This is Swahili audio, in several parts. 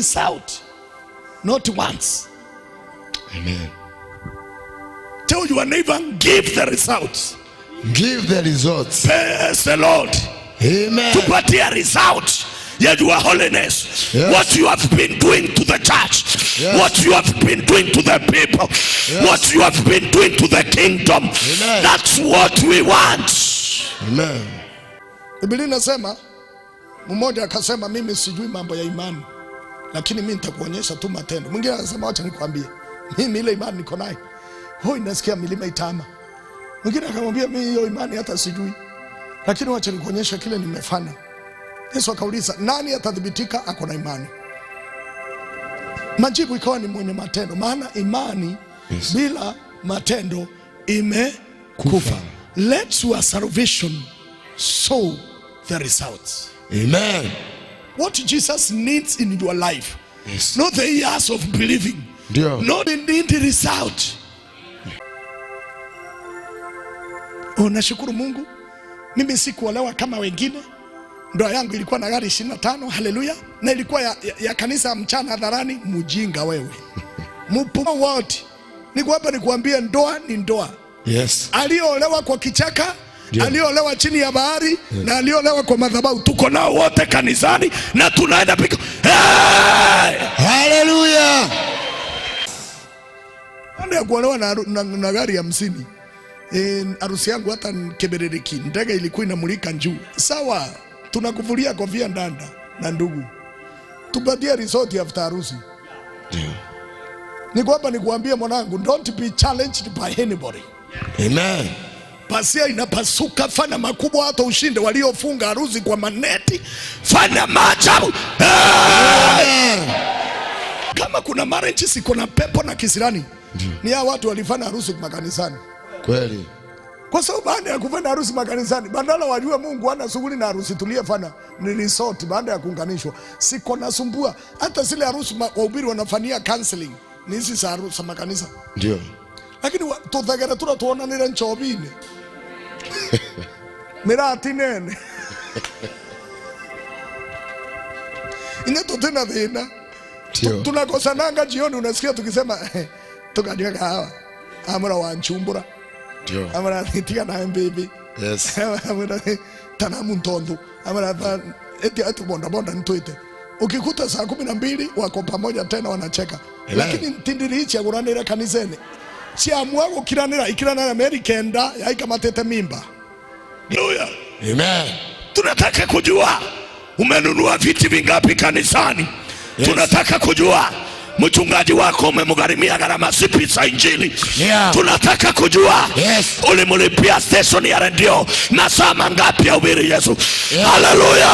this out. Not once. Amen. Tell your neighbor, give the results. Give the results. Praise the Lord. Amen. To put the results ya your holiness. Yes. What you have been doing to the church. Yes. What you have been doing to the people. Yes. What you have been doing to the kingdom. Amen. That's what we want. Amen. Biblia inasema mmoja akasema mimi sijui mambo ya imani lakini mimi nitakuonyesha tu matendo. Mwingine anasema wacha nikwambie, mimi ile imani niko nayo ho, inasikia milima itama. Mwingine akamwambia mimi hiyo imani hata sijui, lakini wacha nikuonyesha kile nimefanya. Yesu akauliza nani atathibitika ako na imani? Majibu ikawa ni mwenye matendo, maana imani yes, bila matendo imekufa. Let your salvation show the results. Amen what Jesus needs in your life yes. Not the years of believing Yeah. Not the need result. Unashukuru oh, Mungu, mimi sikuolewa kama wengine. Ndoa yangu ilikuwa na gari 25, haleluya, na ilikuwa ya, ya, ya kanisa mchana hadharani. mujinga wewe, mpumo wote. Niko hapa nikuambie, ndoa ni ndoa. Yes. Aliolewa kwa kichaka aliyoolewa chini ya bahari yeah, na aliyoolewa kwa madhabahu tuko nao wote kanisani na tunaenda pika. Hey! Haleluya! Baada ya kuolewa na, na, na na gari hamsini eh, harusi e, yangu hata kebereriki, ndege ilikuwa inamulika juu. Sawa, tunakuvulia kofia ndanda na ndugu, tupatie resort after harusi yeah. Ni kwamba nikuambie mwanangu, don't be challenged by anybody. Amen. Yeah pasia inapasuka. Fanya makubwa hata ushinde waliofunga harusi kwa maneti. Fanya maajabu eh! kama kuna marriage siko na pepo na kisirani Ni hao watu walifanya harusi makanisani kweli, kwa sababu baada ya kufanya harusi makanisani, badala wajue Mungu ana shughuli na harusi tuliyefanya ni resort. Baada ya kuunganishwa, siko nasumbua hata zile harusi wahubiri wanafanyia counseling ni hizi za harusi makanisa ndio, lakini tuthageretura tuonanire nchobine ti nene ine tutina thina tunakosananga jioni, unasikia tukisema eh, tukanywa kahawa, amura wanchumbura, amura tiga nawe mbibi, amwira tana eti bonda bonda nitwite ukikuta saa kumi na mbili wako pamoja tena wanacheka, lakini ntindiriichi aguranire kaniseni ciamua gukiranira ikiranira meri kenda yaikamatite mimba haleluya amen tunataka kujua umenunua viti vingapi kanisani yes. tunataka kujua mchungaji wako umemgharimia gharama zipi za injili yeah. tunataka kujua yes. ulimlipia stesheni ya redio na saa mangapi ya ubiri Yesu yeah. haleluya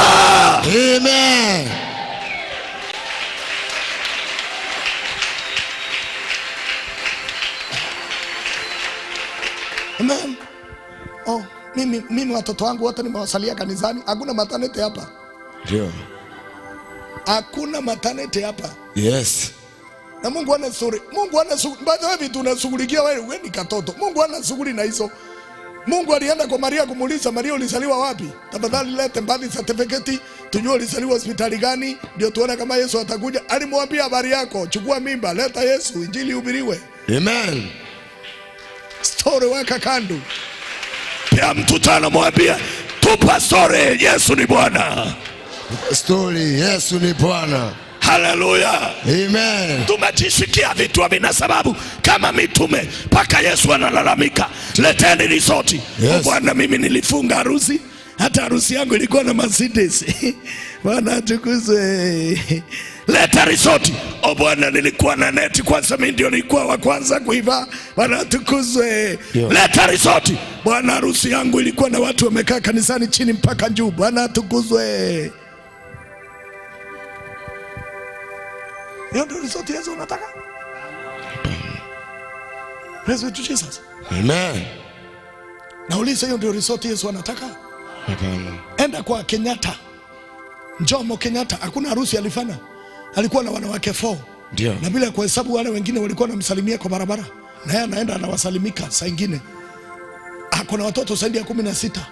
Amen. Oh, mimi mimi watoto wangu wote nimewasalia kanisani. Hakuna maternity hapa. Ndio. Hakuna maternity hapa. Yes. Na Mungu ana suri. Mungu ana suri. By the way, vitu unashughulikia wewe, wewe ni katoto. Mungu ana suri na hizo. Mungu alienda kwa Maria kumuuliza, Maria, ulizaliwa wapi? Tafadhali lete mbali certificate tujue ulizaliwa hospitali gani, ndio tuone kama Yesu atakuja. Alimwambia habari yako, chukua mimba, leta Yesu, injili ihubiriwe. Amen story, weka kando. Pia mtu tano, mwambia tupa story, Yesu ni Bwana. Story, Yesu ni Bwana. Haleluya, amen. Tumejisikia vitu havina sababu kama mitume, mpaka Yesu analalamika, leteni risoti. Yes. Bwana, mimi nilifunga harusi hata harusi yangu ilikuwa na Mercedes. Bwana atukuzwe. Leta risoti. O Bwana, nilikuwa na neti kwanza, mimi ndio nilikuwa wa kwanza kuivaa. Bwana atukuzwe. Leta risoti. Bwana, harusi yangu ilikuwa na watu wamekaa kanisani chini mpaka juu. Bwana atukuzwe. Ndio risoti hizo unataka? Praise to Jesus. Amen. Nauliza, hiyo ndio risoti Yesu anataka? Enda kwa Kenyatta, Jomo Kenyatta, hakuna harusi alifanya, alikuwa na wanawake fo ndio, na bila kuhesabu wale wengine walikuwa wanamsalimia kwa barabara, na yeye anaenda anawasalimika. Saa ingine ako na watoto zaidi ya kumi na sita.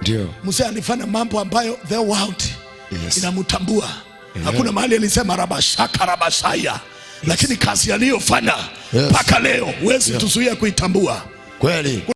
Ndio mzee alifanya mambo ambayo the world yes, inamtambua yeah. Hakuna mahali alisema rabashaka rabashaya yes, lakini kazi aliyofanya mpaka yes, leo huwezi yeah, tuzuia kuitambua kweli.